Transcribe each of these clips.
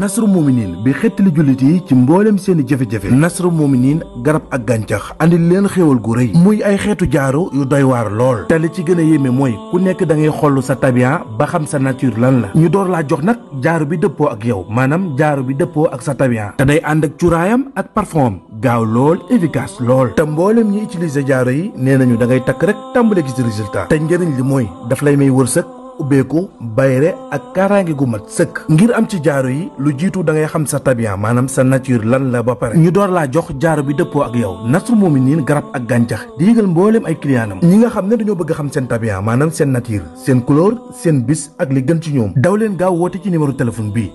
nasru muminin bi xettali jullit yi ci mbooleem seeni jafe-jafe nasru muminin garab ak gàncax andi leen xéewal gu rëy muy ay xeetu jaaro yu doy waar lool te li ci gën a yéeme mooy ku nekk da ngay xoll sa tabian ba xam sa nature lan la ñu door laa jox nag jaaro bi dëppoo ak yow maanaam jaaro bi dëppoo ak sa tabian te day ànd ak cuuraayam ak parfum am gaaw lool efficace lool te mboolem ñi utiliser jaaro yi nee nañu da ngay takk rek tàmbale gis résultat te njëriñ li mooy daf lay may wërsëg ubbeeku bayre ak kaaraange gu mat sëkk ngir am ci jaaro yi lu jiitu dangay xam sa tabian maanaam sa nature lan la ba pare ñu door laa jox jaaro bi dëppoo ak yow Nasrul Muminin garab ak gàncax di yëgal mbooleem ay clientam ñi nga xam ne dañoo bëgg xam seen tabian maanaam seen nature seen couleur seen bis ak li gën ci ñoom daw leen gaaw woote ci numéro téléphone bi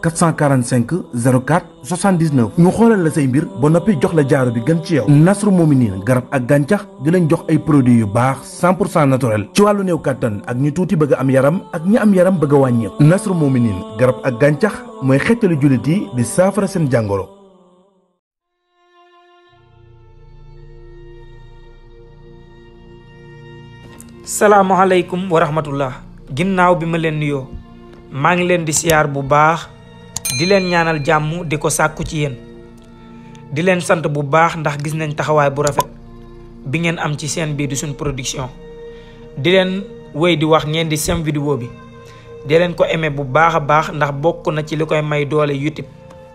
445 04 79 ñu xoolal la say mbir ba noppi jox la jaaro bi gën ci yow Nasru Mominin garab ak gàncax di leen jox ay produits yu baax 100% naturel ci wàllu néew kàttan ak ñu tuuti bëgg am yaram ak ñi am yaram bëgg a wàññeeku Nasru Mominin garab ak gàncax mooy xettali jullit yi di saafara seen jàngoro. salaamaaleykum wa rahmatullah ginnaaw bi ma leen nuyoo maa ngi leen di siyaar bu baax. di leen ñaanal jàmm di ko sàkku ci yéen di leen sant bu baax ndax gis nañ taxawaay bu rafet bi ngeen am ci seen biir di suñ production di leen wéy di wax ngeen di sem vidéo bi di leen ko aimé bu baax a baax ndax bokk na ci li koy may doole YouTube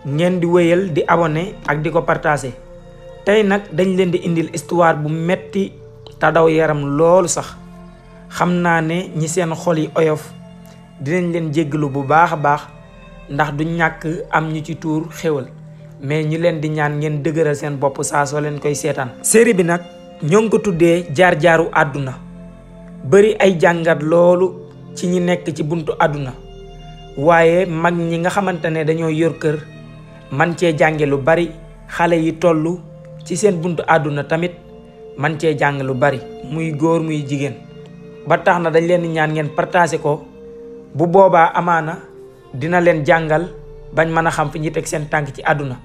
ngeen di wéyal di abonné ak di ko partagé tey nag dañ leen di indil histoire bu metti te daw yaram loolu sax xam naa ne ñi seen xol yi oyof dinañ leen jéggalu bu baax a baax ndax du ñàkk am ñu ci tuur xewal mais ñi leen di ñaan ngeen dëgëral seen bopp saa soo leen koy seetaan. série bi nag ñoo ngi ko tuddee jaar-jaaru àdduna bëri ay jàngat loolu ci ñi nekk ci buntu àdduna waaye mag ñi nga xamante ne dañoo yor kër man cee jànge lu bari xale yi tollu ci seen buntu àdduna tamit man cee jàng lu bari muy góor muy jigéen ba tax na dañ leen di ñaan ngeen partagé ko bu boobaa amaana. dina leen jàngal bañ mën a xam fi ñuy teg seen tànk ci àdduna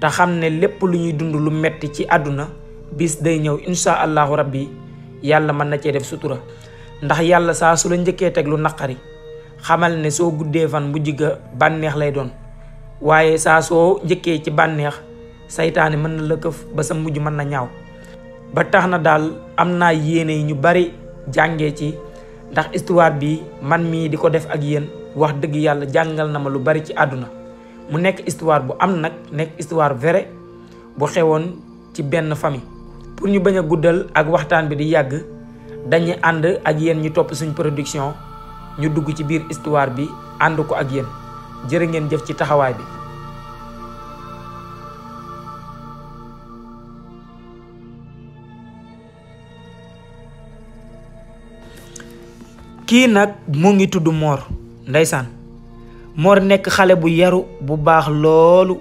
te xam ne lépp lu ñuy dund lu metti ci àdduna bis day ñëw insha allahu rabbi yàlla mën na cee def sutura ndax yàlla saa su la njëkkee teg lu naqari xamal ne soo guddee fan mujj ga bànneex lay doon waaye saa soo njëkkee ci bànneex seytaane mën na la këf ba sa mujj mën na ñaaw ba tax na daal am naa yéene yi ñu bari jàngee ci ndax istuwaar bi man mii di ko def ak yéen wax dëgg yàlla jàngal na ma lu bari ci àdduna mu nekk histoire bu am nag nekk istuwaar vraie bu xewoon ci benn famille. pour ñu bañ a guddal ak waxtaan bi di yàgg dañuy ànd ak yéen ñu topp suñ production ñu dugg ci biir istuwaar bi ànd ko ak yéen jërë ngeen jëf ci taxawaay bi. kii nag mu ngi tudd Mor ndeysaan Mor nekk xale bu yaru bu baax loolu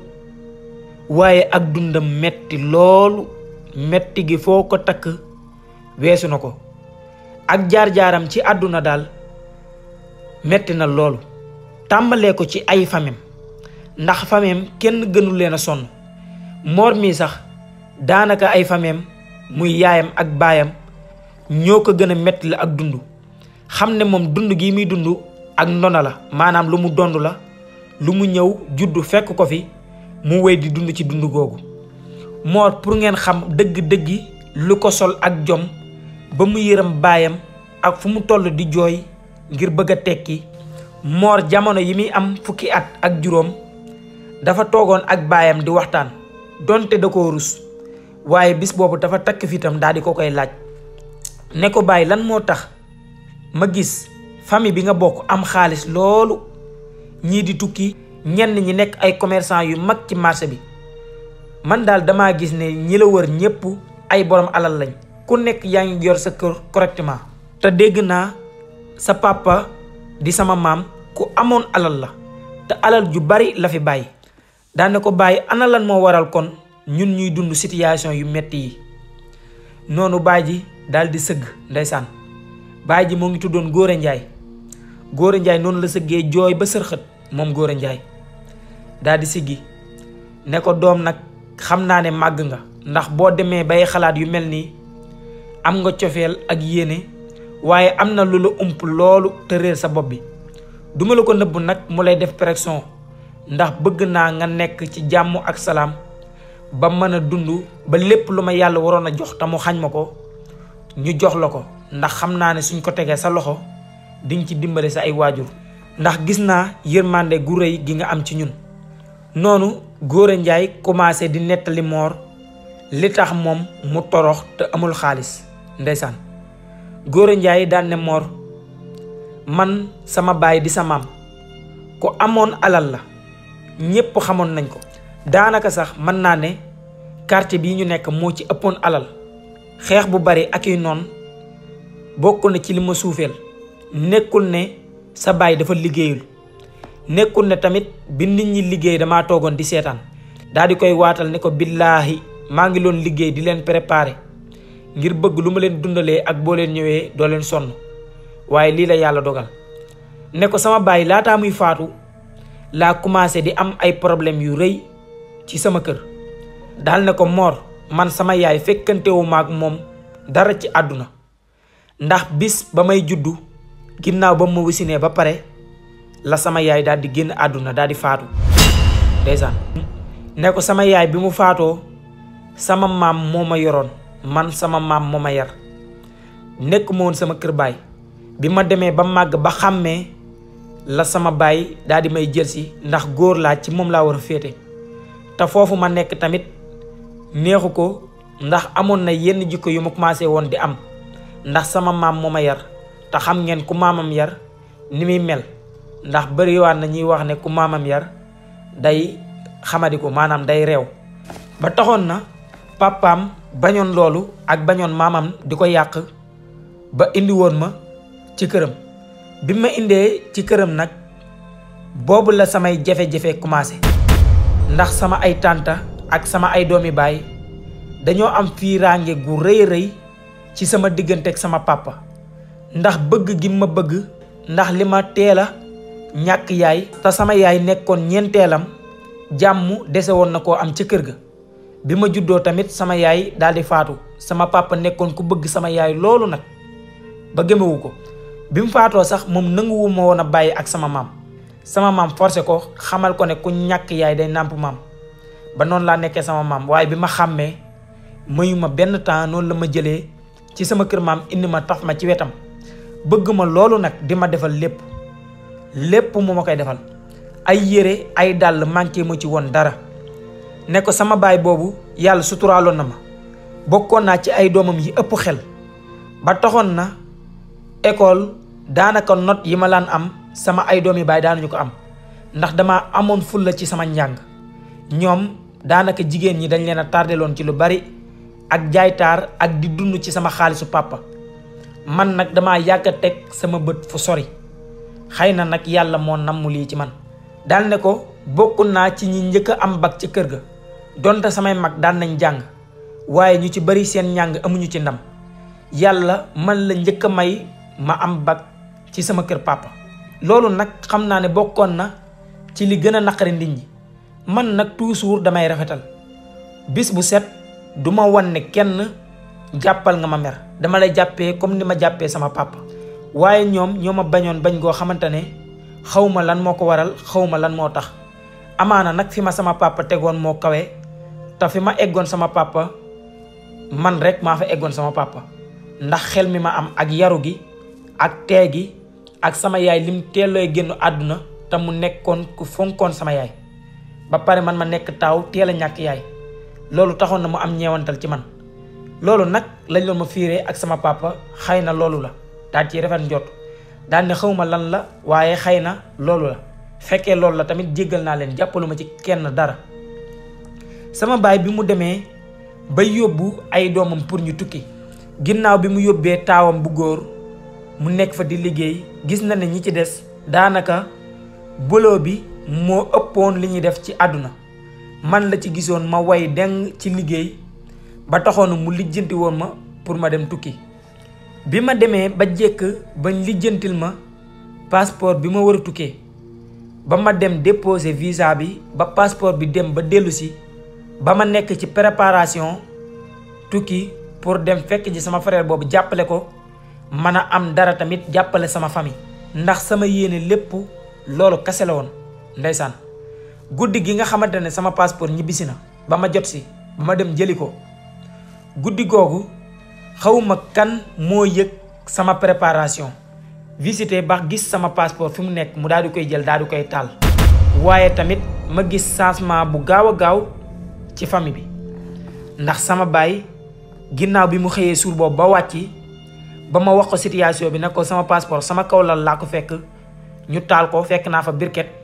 waaye ak dundam metti loolu metti gi foo ko takk weesu na ko ak jaar-jaaram ci àdduna daal metti na lool tàmbalee ko ci ay famem ndax famem kenn gënu leen a sonn Mor mii sax daanaka ay famem muy yaayam ak baayam ñoo ko gën a metti la ak dund xam ne moom dund gi muy dund ak ndona la maanaam lu mu dond la lu mu ñëw juddu fekk ko fi mu wéy di dund ci dund googu moo pour ngeen xam dëgg-dëggi lu ko sol ak jom ba mu yëram baayam ak fu mu toll di jooy ngir bëgg a tekki moor jamono yi muy am fukki at ak juróom dafa toogoon ak baayam di waxtaan donte da ko rus waaye bis boobu dafa takk fitam daal di ko koy laaj ne ko bàyyi lan moo tax ma gis famille bi nga bokk am xaalis loolu ñii di tukki ñenn ñi nekk ay commerçant yu mag ci marché bi man daal dama gis ne ñi la wër ñépp ay borom alal lañ ku nekk yaa ngi yor sa kër correctement te dégg naa sa papa di sama maam ku amoon alal la te alal ju bari la fi bàyyi daane ko bàyyi ana moo waral kon ñun ñuy dund situation yu metti yi noonu baay ji daal di sëgg ndeysaan baay ji moo ngi tuddoon Góora Njaay Góora Njaay noonu la sëggee jooy ba sërxët moom Góora Njaay daal di siggi ne ko doom nag xam naa ne màgg nga ndax boo demee bay xalaat yu mel nii am nga cofeel ak yéene waaye am na lu la ump loolu te réer sa bopp bi duma la ko nëbb nag mu lay def pression ndax bëgg naa nga nekk ci jàmm ak salaam ba mën a dund ba lépp lu ma yàlla waroon a jox te mu xañ ma ko ñu jox la ko ndax xam naa ne suñ ko tegee sa loxo diñ ci dimbali sa ay waajur ndax gis naa yërmande gu rëy gi nga am ci ñun noonu Gora Ndiaye commencé di nettali moor li tax moom mu torox te amul xaalis ndeysaan Gora Ndiaye daan ne moor man sama baay di sa maam ku amoon alal la ñépp xamoon nañ ko daanaka sax mën naa ne quartier bii ñu nekk moo ci ëppoon alal xeex bu bari ak i noon bokkul ne ci li ma suufeel nekkul ne sa baay dafa liggéeyul nekkul ne tamit bi nit ñi liggéey damaa toogoon di seetaan daal di koy waatal ne ko billaahi maa ngi loon liggéey di leen préparer ngir bëgg lu ma leen dundalee ak boo leen ñëwee doo leen sonn waaye lii la yàlla dogal ne ko sama baay laataa muy faatu laa commencé di am ay problème yu rëy ci sama kër daal ne ko moor man sama yaay fekkante wu moom dara ci àdduna ndax bis ba may juddu ginnaaw ba mu ma wisinee ba pare la sama yaay daal di génn àdduna daal di faatu ndeysaan ne ko sama yaay bi mu faatoo sama maam moo ma yoroon man sama maam moo ma yar nekk ma woon sama kër baay bi ma demee ba màgg ba xàmmee la sama baay daal di may jël si ndax góor laa ci moom laa war a féete te foofu ma nekk tamit neexu ko ndax amoon na yenn jikko yu ma commencé woon di am ndax sama maam moo yar te xam ngeen ku maamam yar ni muy mel ndax bëriwaat na ñuy wax ne ku maamam yar day xamadiku maanaam day réew ba taxoon na papaam bañoon loolu ak bañoon maamam di ko yàq ba indi woon ma ci këram bi ma indee ci këram nag boobu la samay jafe-jafe commencé ndax sama ay tànta ak sama ay doomi baay dañoo am fiiraange gu rëy rëy ci sama diggante ak sama papa ndax bëgg gi ma bëgg ndax li ma teel a ñàkk yaay te sama yaay nekkoon ñeenteelam jàmm dese woon na koo am ca kër ga bi ma juddoo tamit sama yaay daal di faatu sama papa nekkoon ku bëgg sama yaay loolu nag ba gëmewu ko bi mu faatoo sax moom nanguwu ma woon a bàyyi ak sama maam sama maam forcé ko xamal ko ne ku ñàkk yaay day nàmp maam ba noonu laa nekkee sama maam waaye bi ma xàmmee mayuma benn temps noonu la ma jëlee ci sama kër maam indi ma taf ma ci wetam bëgg ma loolu nag di ma defal lépp lépp mu ma koy defal ay yére ay dàll manqué mu ci woon dara ne ko sama baay boobu yàlla suturaaloon na ma bokkoon naa ci ay doomam yi ëpp xel ba taxoon na école daanaka note yi ma laan am sama ay doomi baay daanuñu ko am ndax dama amoon fulla ci sama njàng ñoom daanaka jigéen ñi dañu leen a tardeloon ci lu bari ak jaaytaar ak di dund ci sama xaalisu papa man nag damaa yàgg a teg sama bët fu sori xëy na nag yàlla moo namm lii ci man daal ne ko bokk naa ci ñi njëkk am bag ci kër ga donte samay mag daan nañ jàng waaye ñu ci bari seen njàng amuñu ci ndam yàlla man la njëkk a may ma am bag ci sama kër papa loolu nag xam naa ne bokkoon na ci li gën a naqari nit ñi man nag toujours damay rafetal bis bu set du ma wan ne kenn jàppal nga ma mer dama lay jàppee comme ni ma jàppee sama pàpp waaye ñoom ñoo ma bañoon bañ goo xamante ne xaw ma lan moo ko waral xaw ma lan moo tax amaana nag fi ma sama papa tegoon moo kawe te fi ma eggoon sama papa man rek maa fa eggoon sama papa ndax xel mi ma am ak yaru gi ak tee gi ak sama yaay lim teelooy génn àdduna te mu nekkoon ku fonkoon sama yaay ba pare man ma nekk taaw teel a ñàkk yaay loolu taxoon na mu am ñeewantal ci man loolu nag lañ doon ma fiire ak sama papa xëy na loolu la daal ci rafet njot daal ne xawma lan la waaye xëy na loolu la fekkee loolu la tamit jéggal naa leen jàppalu ma ci kenn dara sama baay bi mu demee ba yóbbu ay doomam pour ñu tukki ginnaaw bi mu yóbbee taawam bu góor mu nekk fa di liggéey gis na ne ñi ci des daanaka bolo bi moo ëppoon li ñuy def ci àdduna man la ci gisoon ma woy deng ci liggéey ba taxoon mu lijjanti woon ma pour ma dem tukki bi ma demee ba jekk bañ lijjantil ma passeport bi ma war a tukkee ba ma dem déposer visa bi ba passeport bi dem ba dellusi ba ma nekk ci préparation tukki pour dem fekk ji sama frère boobu jàppale ko mën a am dara tamit jàppale sama famille ndax sama yéene lépp loolu kase la woon ndeysaan guddi gi nga xamante ne sama passeport ñibbisi na ba ma jot si ba ma dem jëli ko guddi googu xawma kan moo yëg sama préparation visité ba gis sama passeport fi mu nekk mu daal di koy jël daal di koy taal waaye tamit ma gis changement bu gaaw a gaaw ci famille bi ndax sama baay ginnaaw bi mu xëyee suur boobu ba wàcci ba ma wax ko situation bi nag ko sama passeport sama kaw lal laa ko fekk ñu taal ko fekk naa fa birket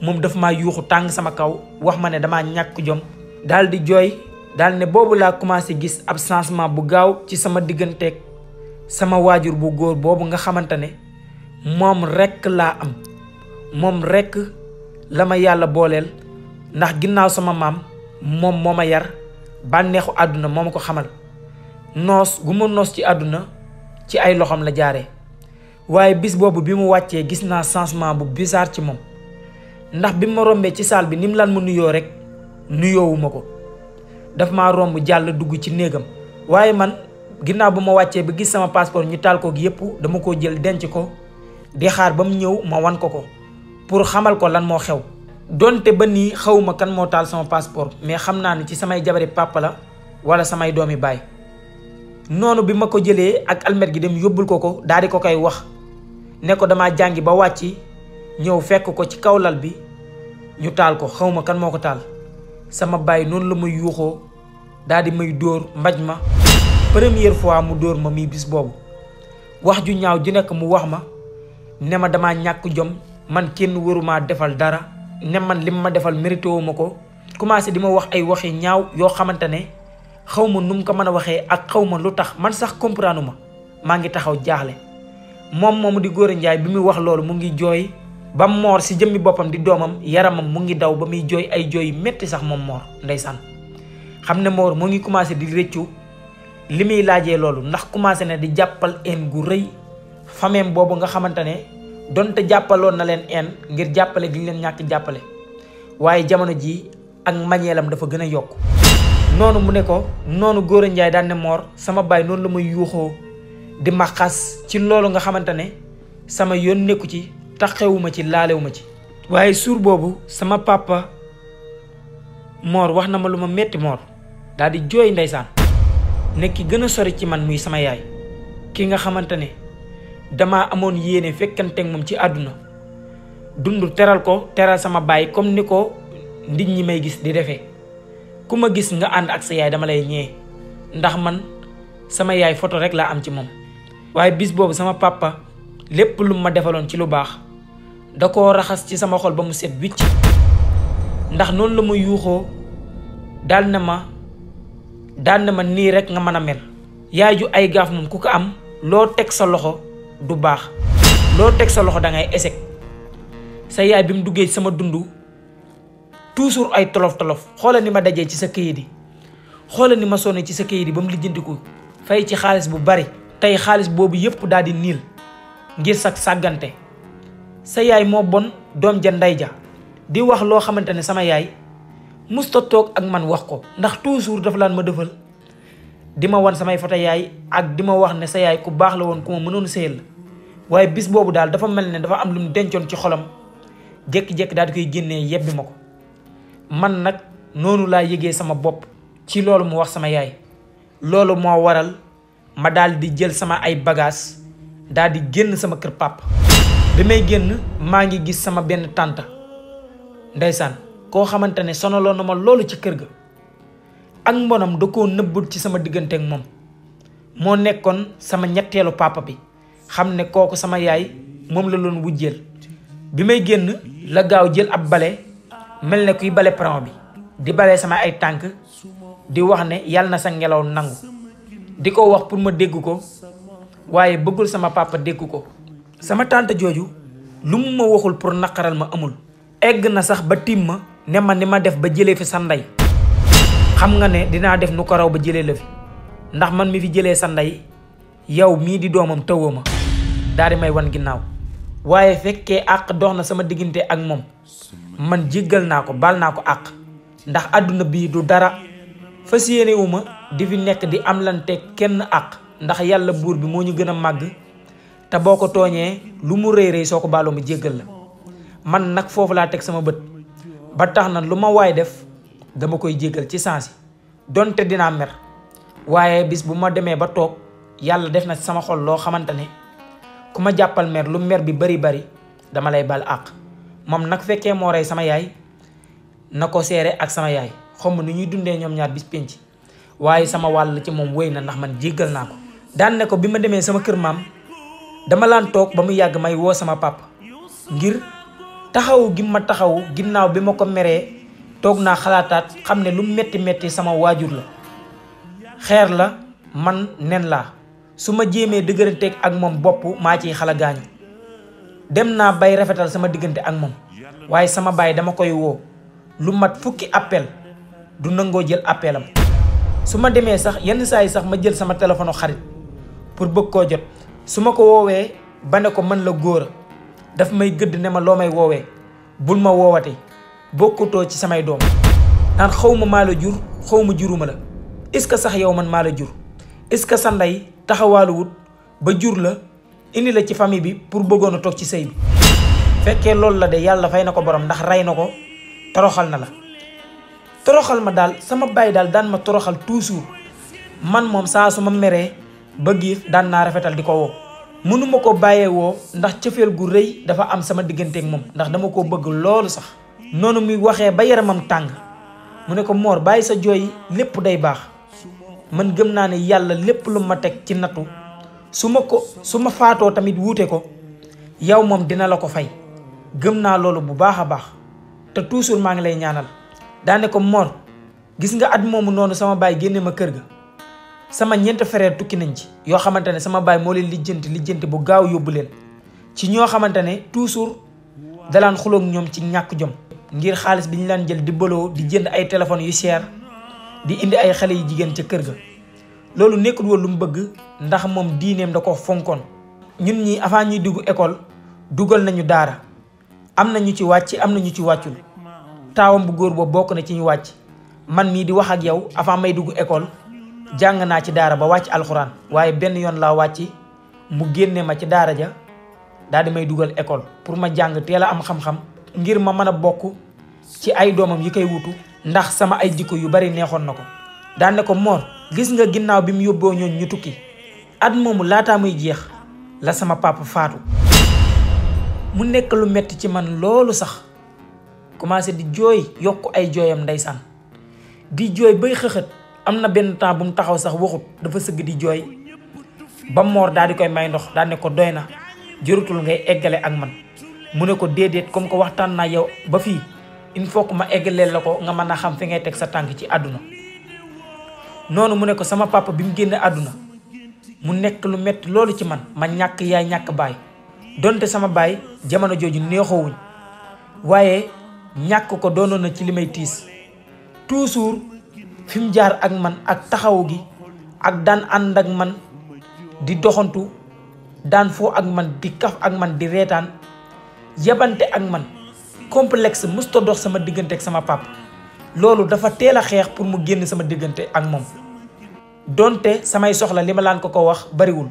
moom dafa ma yuuxu tàng sama kaw wax ma ne damaa ñàkk jom daal di jooy daal ne boobu laa commencé gis ab changement bu gaaw ci sama digganteeg sama waajur bu góor boobu nga xamante ne moom rekk laa am moom rekk la ma yàlla booleel ndax ginnaaw sama maam moom moo ma yar bànneexu àdduna moo ma ko xamal noos gu ma noos ci àdduna ci ay loxoom la jaare waaye bis boobu bi mu wàccee gis naa changement bu bizarre ci moom ndax bi ma rombee ci saal bi ni mu lan ma nuyoo rek nuyoowu ma ko dafa ma romb jàll dugg ci néegam waaye man ginnaaw ba ma wàccee ba gis sama passeport ñu taal ko gi yëpp dama ko jël denc ko di xaar ba mu ñëw ma wan ko ko pour xamal ko lan moo xew donte ba nii xawuma kan moo taal sama passeport mais xam naa ne ci samay jabari papa la wala samay doomi baay noonu bi ma ko jëlee ak almet gi dem yóbbul ko ko daal di ko koy wax ne ko damaa jàngi ba wàcci ñëw fekk ko ci kaw lal bi ñu taal ko xawma kan moo ko taal sama baay noonu la may yuuxoo daal di may dóor mbaj ma première fois mu dóor ma mii bis boobu wax ju ñaaw ji nekk mu wax ma ne ma damaa ñàkk jom man kenn waruma defal dara ne man li ma defal mérité wu ma ko commencé di ma wax ay waxi ñaaw yoo xamante ne xaw ma nu mu ko mën a waxee ak xaw ma lu tax man sax comprendre ma maa ngi taxaw jaaxle moom moomu di góor njaay bi muy wax loolu mu ngi jooy ba moor si jëmmi boppam di doomam yaramam mu ngi daw ba muy jooy ay jooy métti sax moom moor ndeysaan xam ne moor mu ngi commencé di rëccu li muy laajee loolu ndax commencé na di jàppal en gu rëy fameem boobu nga xamante ne donte jàppaloon na leen en ngir jàppale gi ñu leen ñàkk jàppale waaye jamono ji ak mañeelam dafa gën a yokk noonu mu ne ko noonu góor a njaay daan moor sama baay noonu la may yuuxoo di ma xas ci loolu nga xamante ne sama yoon nekku ci taxewuma ci laalewuma ci waaye suur boobu sama papa moor wax na ma lu ma metti moor daal di jooy ndeysaan ne ki gën a sori ci man muy sama yaay ki nga xamante ne dama amoon yéene fekkanteeg moom ci àdduna dund teral ko teral sama baay comme ni ko nit ñi may gis di defe ku ma gis nga ànd ak sa yaay dama lay ñee ndax man sama yaay foto rek laa am ci moom waaye bis boobu sama papa lépp lu ma defaloon ci lu baax da ko raxas ci sama xol ba mu set wicc ndax noonu la ma yuuxoo dal na ma daal na ma nii rek nga mën a mel yaay ju ay gaaf moom ku ko am loo teg sa loxo du baax loo teg sa loxo da ngay échec sa yaay bi mu duggee sama dund toujours ay tolof-tolof xoola ni ma dajee ci sa këyit yi xoola ni ma sonne ci sa këyit yi ba mu lijjantiku fay ci xaalis bu bari tey xaalis boobu yépp daal di niil ngir sa sàggante sa yaay moo bon doom ja ndey ja di wax loo xamante ne sama yaay musta toog ak man wax ko ndax toujours dafa laan ma dëfal di ma wan samay foto yaay ak di ma wax ne sa yaay ku baax la woon ku ma mënoon sëyal la waaye bis boobu daal dafa mel ne dafa am lu mu dencoon ci xolam jékki-jékki daal di koy génnee yebbi ma ko man nag noonu laa yëgee sama bopp ci loolu mu wax sama yaay loolu moo waral ma daal di jël sama ay bagages daal di génn sama kër pàpp bi may génn maa ngi gis sama benn tànta ndeysaan koo xamante ne sonaloon na ma loolu ci kër ga ak mbonam da koo nëbbul ci sama diggante ak moom moo nekkoon sama ñetteelu papa bi xam ne kooku sama yaay moom la doon wujjeel bi may génn la gaaw jël ab bale mel ne kuy bale pran bi di bale sama ay tànk di wax ne yàlla na sa ngelaw nangu di ko wax pour ma dégg ko waaye bëggul sama papa dégg ko sama tànt jooju lu mu ma waxul pour naqaral ma amul egg na sax ba tiim ma ne ma ni ma def ba jëlee fi sa ndey xam nga ne dinaa def nu ko raw ba jëlee la fi ndax man mi fi jëlee sa ndey yow mii di doomam tawoo ma daal di may wan ginnaaw waaye fekkee àq dox na sama diggante ak moom man jéggal naa ko baal naa ko àq ndax àdduna bii du dara fas yéene ma di fi nekk di amlante kenn àq ndax yàlla buur bi moo ñu gën a màgg te boo ko tooñee lu mu rëy rëy soo ko baaloo ma jéggal la man nag foofu laa teg sama bët ba tax na lu ma waay def dama koy jéggal ci saasi donte dinaa mer waaye bis bu ma demee ba toog yàlla def na sama xol loo xamante ne ku ma jàppal mer lu mer bi bari bari dama lay bal àq moom nag fekkee moo rey sama yaay na ko seere ak sama yaay xawma nu ñuy dundee ñoom ñaar bis pénc waaye sama wàll ci moom wéy na ndax man jéggal naa ko daan ko bi ma demee sama kër maam dama laan toog ba mu yàgg may woo sama papa ngir taxawu gi ma taxawu ginnaaw bi ma ko meree toog naa xalaataat xam ne lu metti metti sama waajur la xeer la man nen laa su ma jéemee dëgëranteeg ak moom bopp maa ciy xala gaañu dem naa bay rafetal sama diggante ak moom waaye sama baay dama koy woo lu mat fukki appel du nangoo jël appelam su ma demee sax yenn saa yi sax ma jël sama téléphone xarit pour bëgg koo jot su ma ko woowee ba ne ko man la góor daf may gëdd ne ma loo may woowee bul ma woowate bokkutoo ci samay doom naan xaw ma maa la jur xaw ma juruma la est-ce que sax yow man maa la jur est-ce que sa ndey taxawaaluwut ba jur la indi la ci famille bi pour bëggoon a toog ci sëy bi fekkee loolu la de yàlla fay na ko borom ndax rey na ko toroxal na la toroxal ma daal sama baay daal daan ma toroxal toujours man moom saa su ma meree ba giif daan naa rafetal di ko woo mënuma ko bàyyeewoo ndax cëfeel gu rëy dafa am sama ak moom ndax dama ko bëgg loolu sax noonu muy waxee ba yaramam tàng mu ne ko moor bàyyi sa jooy lépp day baax man gëm naa ne yàlla lépp lu ma teg ci nattu su ma ko su ma faatoo tamit wuute ko yow moom dina la ko fay gëm naa loolu bu baax a baax te toujours maa ngi lay ñaanal daane ko Mor gis nga at moomu noonu sama baay génnee ma kër ga sama ñeent frère tukki nañ ci yoo xamante ne sama baay moo leen lijjanti lijjante bu gaaw yóbbu leen ci ñoo xamante ne toujours dalaan xulook ñoom ci ñàkk jom ngir xaalis bi ñu laan jël di baloo di jënd ay téléphones yu cher di indi ay xale yu jigéen ca kër ga loolu nekkul woon lu mu bëgg ndax moom diineem da ko fonkoon ñun ñi avant ñuy dugg école dugal nañu daara am na ñu ci wàcc am na ñu ci wàccul taawam bu góor boobu bokk na ci ñu wàcc man mii di wax ak yow avant may dugg école jàng naa ci daara ba wàcc alxuraan waaye benn yoon laa wàcc mu génnee ma ci daara ja daal di may dugal école pour ma jàng teel a am xam-xam ngir ma mën a bokk ci ay doomam yi koy wutu ndax sama ay jikko yu bari neexoon na ko daan ne ko moor gis nga ginnaaw bi mu yóbboo ñooñ ñu tukki at moomu laataa muy jeex la sama papa faatu mu nekk lu metti ci man loolu sax commencé di jooy yokk ay jooyam ndeysaan di jooy bay xëxët am na benn temps bu mu taxaw sax waxut dafa sëgg di jooy ba moor daal di koy may ndox daal ne ko doy na jërutul ngay eggale ak man mu ne ko déedéet comme que waxtaan naa yow ba fii il faut que ma eggaleel la ko nga mën a xam fi ngay teg sa tànk ci àdduna noonu mu ne ko sama papa bi mu génne àdduna mu nekk lu metti loolu ci man ma ñàkk yaay ñàkk baay donte sama baay jamono jooju neexoowuñ waaye ñàkk ko doonoon na ci li may tiis fi mu jaar ak man ak taxaw gi ak daan ànd ak man di doxantu daan foo ak man di kaf ak man di reetaan yabante ak man complexe musta dox sama diggante ak sama papa loolu dafa teel a xeex pour mu génn sama diggante ak moom doonte samay soxla li ma laan ko ko wax bariwul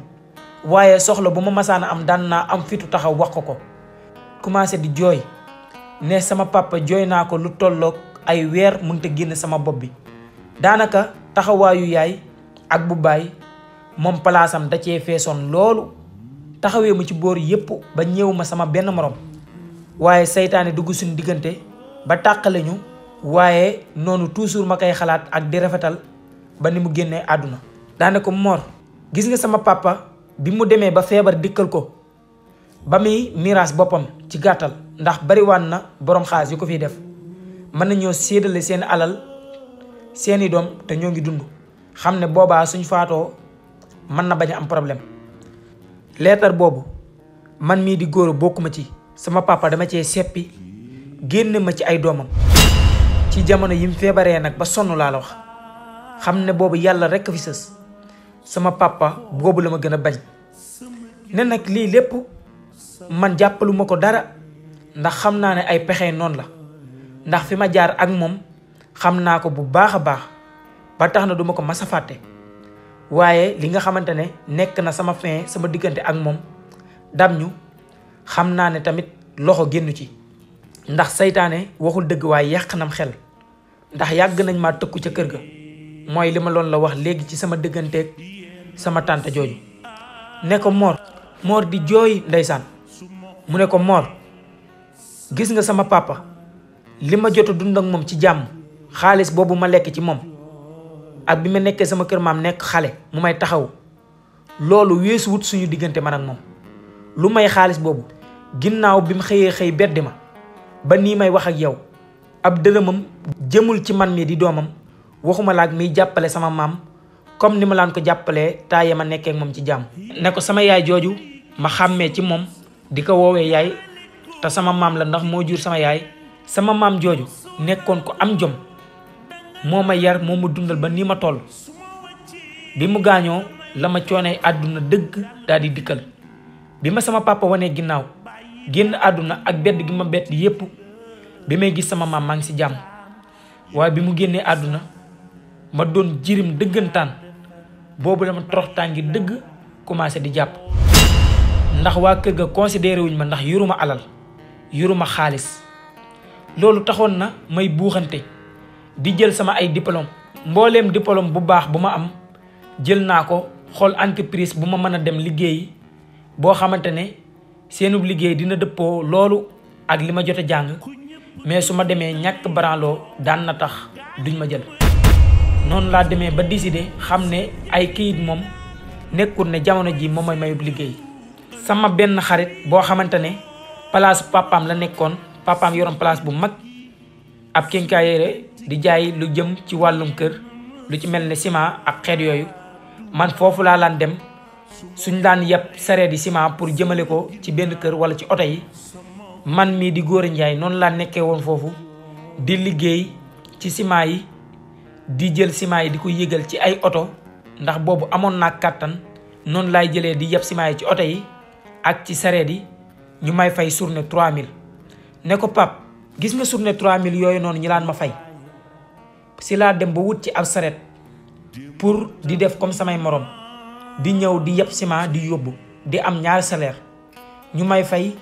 waaye soxla bu ma masaana am daan naa am fitu taxaw wax ko ko commencé di jooy ne sama papa jooy naa ko lu tolloog ay weer te génn sama bopp bi daanaka taxawaayu yaay ak bu baay moom palaasam da cee feesoon loolu taxawee mu ci boor yépp ba ñëw ma sama benn moroom waaye seytaane dugg suñ diggante ba tàqale ñu waaye noonu toujours ma koy xalaat ak di rafetal ba ni mu génnee àdduna daanaka Mor gis nga sama papa bi mu demee ba feebar dikkal ko ba muy miraas boppam ci gàttal ndax bariwaan na borom xaalis yu ko fiy def mën nañoo séddale seen alal seeni doom te ñoo ngi dund xam ne boobaa suñu faatoo mën na bañ am problème leetar boobu man mii di góor bokkuma ci sama papa dama cee seppi génn ma ci ay doomam ci jamono yi mu feebaree nag ba sonn laa la wax xam ne boobu yàlla rekk fi sës sama papa boobu la ma gën a bañ ne nag lii lépp man jàppaluma ko dara ndax xam naa ne ay pexe noonu la ndax fi ma jaar ak moom xam naa ko bu baax a baax ba tax na duma ko mas a fàtte waaye li nga xamante ne nekk na sama fin sama diggante ak moom dam ñu xam naa ne tamit loxo génn ci ndax seytaane waxul dëgg waaye yàq nam xel ndax yàgg nañ ma tëkku ca kër ga mooy li ma loon la wax léegi ci sama digganteeg sama tànta jooju ne ko moor moor di jooy ndeysaan mu ne ko moor gis nga sama papa li ma jot dund ak moom ci jàmm xaalis boobu ma lekk ci moom ak bi ma nekkee sama kër maam nekk xale mu may taxaw loolu weesu wut suñu diggante man ak moom lu may xaalis boobu ginnaaw bi mu xëyee xëy bedd ma ba nii may wax ak yow ab dërëmam jëmul ci man mii di doomam waxuma laag miy jàppale sama maam comme ni ma laan ko jàppalee taaye ma nekkee moom ci jàmm ne ko sama yaay jooju ma xàmmee ci moom di ko woowee yaay te sama maam la ndax moo jur sama yaay sama maam jooju nekkoon ko am jom moo ma yar moo ma dundal ba ni ma toll bi mu gaañoo la ma coonee àdduna dëgg daal di dikkal bi ma sama papa wanee ginnaaw génn àdduna ak bedd gi ma bett yépp bi may gis sama maam ngi ci jàmm waaye bi mu génnee àdduna ma doon jirim dëggantaan boobu ma torox tàngi dëgg commencé di jàpp ndax waa kër ga considéré ma ndax yuruma alal yuruma xaalis loolu taxoon na may buuxante di jël sama ay diplôme mbooleem diplôme bu baax bu ma am jël naa ko xool entreprise bu ma mën a dem liggéey boo xamante ne seenub liggéey dina dëppoo loolu ak li ma jot a jàng mais su ma demee ñàkk branloo daan na tax duñ ma jël noonu laa demee ba décider xam ne ay kayit moom nekkul ne jamono ji moom mooy mayub liggéey sama benn xarit boo xamante ne place papaam la nekkoon papaam yoroon place bu mag ab kénkaayere di jaay lu jëm ci wàllum kër lu ci mel ne ciment ak xeet yooyu man foofu laa laan dem suñ daan yeb sareet yi ciment pour jëmale ko ci benn kër wala ci oto yi man mii di góor njaay noonu laa nekkee woon foofu di liggéey ci ciment yi di jël ciment yi di ko yégal ci ay oto ndax boobu amoon naa kàttan noonu laay jëlee di yeb ciment yi ci oto yi ak ci sareet yi ñu may fay journée 3000 ne ko pap gis nga journée 3000 yooyu noonu ñi laan ma fay si laa dem ba wut ci ab saret pour di def comme samay morom di ñëw di yëpp ciment di yóbbu di am ñaari salaire ñu may fay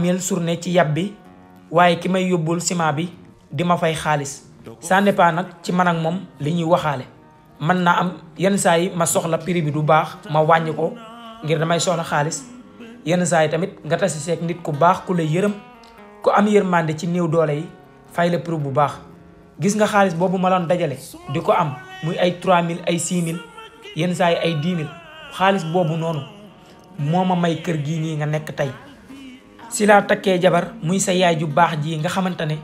mille journée ci yàpp bi waaye ki may yóbbul ciment bi di ma fay xaalis ça dépend nag ci man ak moom li ñuy waxaale mën naa am yenn saa yi ma soxla prix bi du baax ma wàññi ko ngir damay soxla xaalis yenn saa yi tamit nga tasi seek nit ku baax ku lay yërëm ku am yërmande ci néew doole yi fay la prix bu baax gis nga xaalis boobu ma doon dajale di ko am muy ay 3000 ay 6000 yenn saa yi ay 10000 xaalis boobu noonu moo ma may kër gii nii nga nekk tey. si laa takkee jabar muy sa yaay ju baax ji nga xamante ne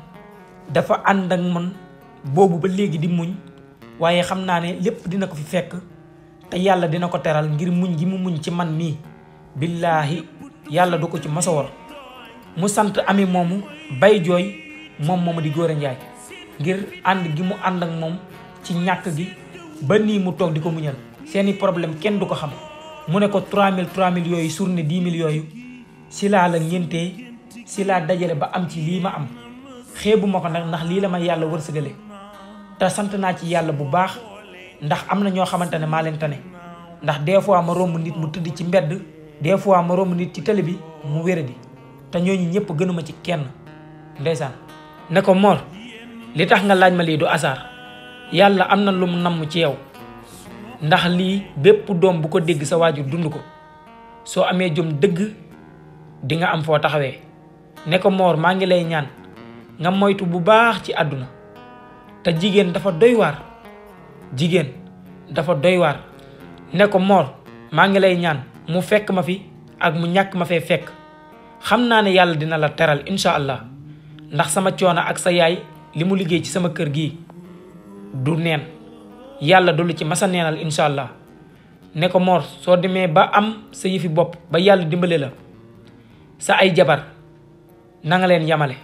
dafa ànd ak man boobu ba léegi di muñ waaye xam naa ne lépp dina ko fi fekk te yàlla dina ko teral ngir muñ gi mu muñ ci man mii billaahi yàlla du ko ci masa mu sant ami moomu bay jooy moom moomu di góor a njaay ngir ànd gi mu ànd ak moom ci ñàkk gi ba nii mu toog di ko muñal seeni problème kenn du ko xam mu ne ko 3000 3000 yooyu surne 10 000 yooyu si laa la ngéntee si laa dajale ba am ci lii ma am xeebu ma ko nag ndax lii la ma yàlla wërsëgale te sant naa ci yàlla bu baax ndax am na ñoo xamante ne maa leen tane ndax des fois ma romb nit mu tëdd ci mbedd des fois ma romb nit ci télé bi mu wéradi te ñooñu ñëpp gënuma ci kenn ndeysaan ne ko Mor li tax nga laaj ma lii du hasard yàlla am na lu mu namm ci yow ndax lii bépp doom bu ko dégg sa waajur dund ko soo amee jom dëgg dinga am foo taxawee ne ko moor maa ngi lay ñaan nga moytu bu baax ci àdduna te jigéen dafa doy waar jigéen dafa doy waar ne ko moor maa ngi lay ñaan mu fekk ma fi ak mu ñàkk ma fee fekk xam naa ne yàlla dina la teral incha allah ndax sama coono ak sa yaay li mu liggéey ci sama kër gi du neen yàlla du lu ci masa neenal incha allah ne ko Mor soo demee ba am sa yëfi bopp ba yàlla dimbale la sa ay jabar na nga leen yamale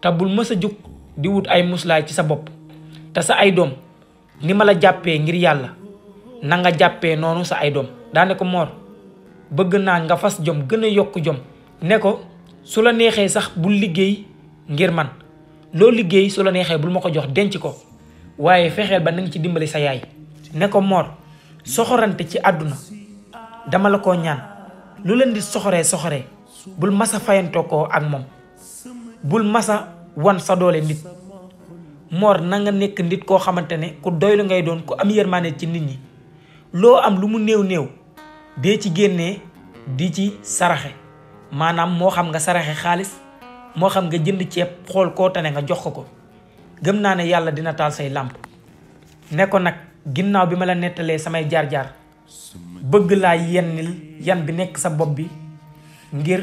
te bul mës a jug di wut ay muslaay ci sa bopp te sa ay doom ni ma la jàppee ngir yàlla na nga jàppee noonu sa ay doom daane ko Mor bëgg naa nga fas jom gën a yokk jom ne ko su la neexee sax bul liggéey ngir man loo liggéey su la neexee bul ma ko jox denc ko waaye fexeel ba nanga ci dimbali sa yaay ne ko moor soxorante ci àdduna dama la ko ñaan lu leen di soxore soxore bul masa fayantoo ko ak moom bul masa wan sa doole nit moor na nekk nit koo xamante ne ku doylu ngay doon ku am yërmaane ci nit ñi loo am lu mu néew néew dee ci génnee di ci saraxe maanaam moo xam nga saraxe xaalis moo xam nga jënd ceeb xool koo tane nga jox ko ko gëm naa ne yàlla dina taal say làmp ne ko nag ginnaaw bi ma la nettalee samay jaar-jaar bëgg laa yennil yan bi nekk sa bopp bi ngir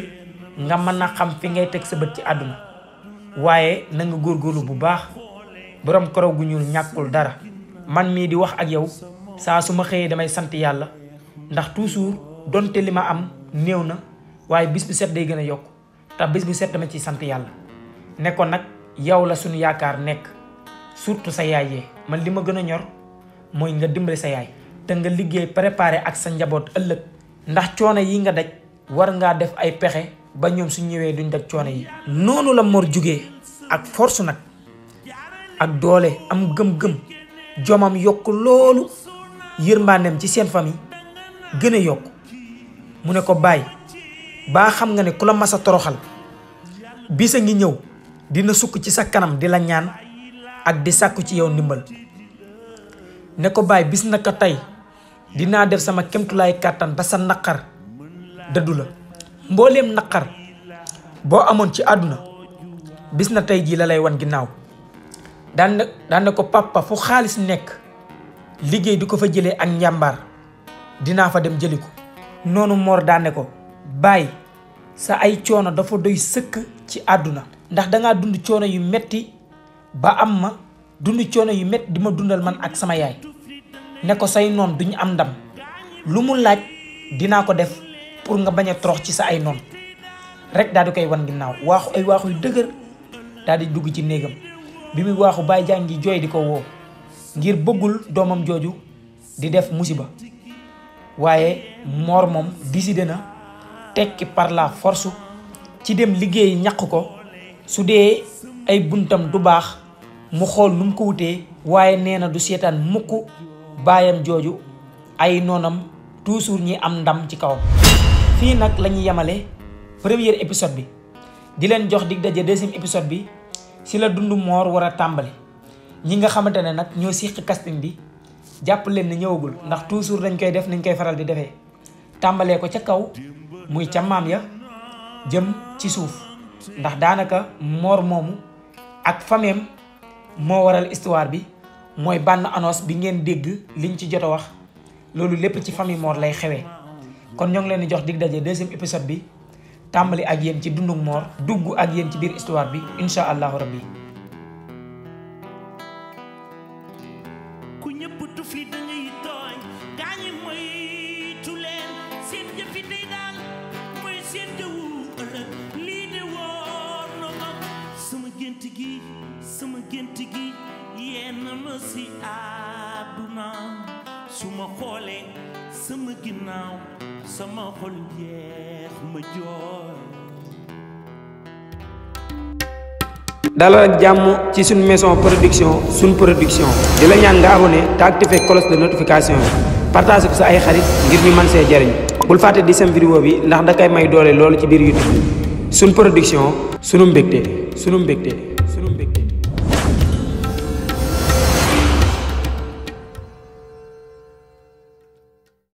nga mën a xam fi ngay teg sa bët ci àdduna waaye na nga góorgóorlu bu baax borom karaw gu ñuul ñàkkul dara man mii di wax ak yow saa su ma xëyee damay sant yàlla ndax toujours donte li ma am néew na waaye bis bu set day gën a yokk te bis bu set ma ci sant yàlla ne nekkoon nag yow la suñu yaakaar nekk surtout sa yaay yee man li ma gën a ñor mooy nga dimbale sa yaay te nga liggéey préparé ak sa njaboot ëllëg ndax coono yi nga daj war ngaa def ay pexe ba ñoom su ñëwee duñ daj coono yi noonu la mor jóge ak force nag ak doole am gëm-gëm jomam yokk loolu yërmandeem ci seen famille gën a yokk mu ne ko bàyyi baa xam nga ne ku la masa toroxal bis a ngi ñëw dina sukk ci sa kanam di la ñaan ak di sàkku ci yow ndimbal ne ko baay bis na ko tey dinaa def sama kemtulaay kàttan ba sa naqar dëddu la mbooleem naqar boo amoon ci àdduna bis na tey jii la lay wan ginnaaw daan na ko papa fu xaalis nekk liggéey di ko fa jëlee ak njàmbaar dinaa fa dem jëli ko noonu Mor daane ko bàyyi sa ay coono dafa doy sëkk ci àdduna ndax dangaa dund coono yu metti ba am ma dund coono yu metti di ma dundal man ak sama yaay ne ko say noon duñu am ndam lu mu laaj dinaa ko def pour nga bañ a torox ci sa ay noon rek daal di koy wan ginnaaw waaxu ay waaxu yu dëgër daal di dugg ci néegam bi muy waaxu baay jàngi jooy di ko woo ngir bëggul doomam jooju di def musiba waaye moor moom décidé na tekki par la force ci dem liggéey ñaq ko su dee ay buntam du baax mu xool nu ko wutee waaye nee na du seetaan mukk baayam jooju ay noonam toujours ñi am ndam ci kaw fii nag la ñuy yemale premier épisode bi di leen jox dig daje deuxième épisode bi ci la dund moor war a tàmbali ñi nga xamante ne nag ñoo siq casting bi jàpp leen ne ñëwagul ndax toujours lañ koy def nañ koy faral di defee tàmbalee ko ca kaw. muy ca ya jëm ci suuf ndax daanaka moor moomu ak fameem moo waral histoire bi mooy bande annonce bi ngeen dégg liñ ci jot a wax loolu lépp ci fami moor lay xewee kon ñoo ngi leen di jox dig daje deuxième épisode bi tàmbali ak yéen ci dunduk moor dugg ak yéen ci biir histoire bi incha allahu rabbi gént gi yenn su ma xoolee sama ginnaaw sama xol jeex dalal ak jàmm ci sunu maison production suñ production di la ñaan nga abonné te activé cloche de notification bi partage ko sa ay xarit ngir ñu mën see jariñ bul fàtte di sem vidéo bi ndax da koy may doole loolu ci biir YouTube suñ production sunu mbégte sunu mbégte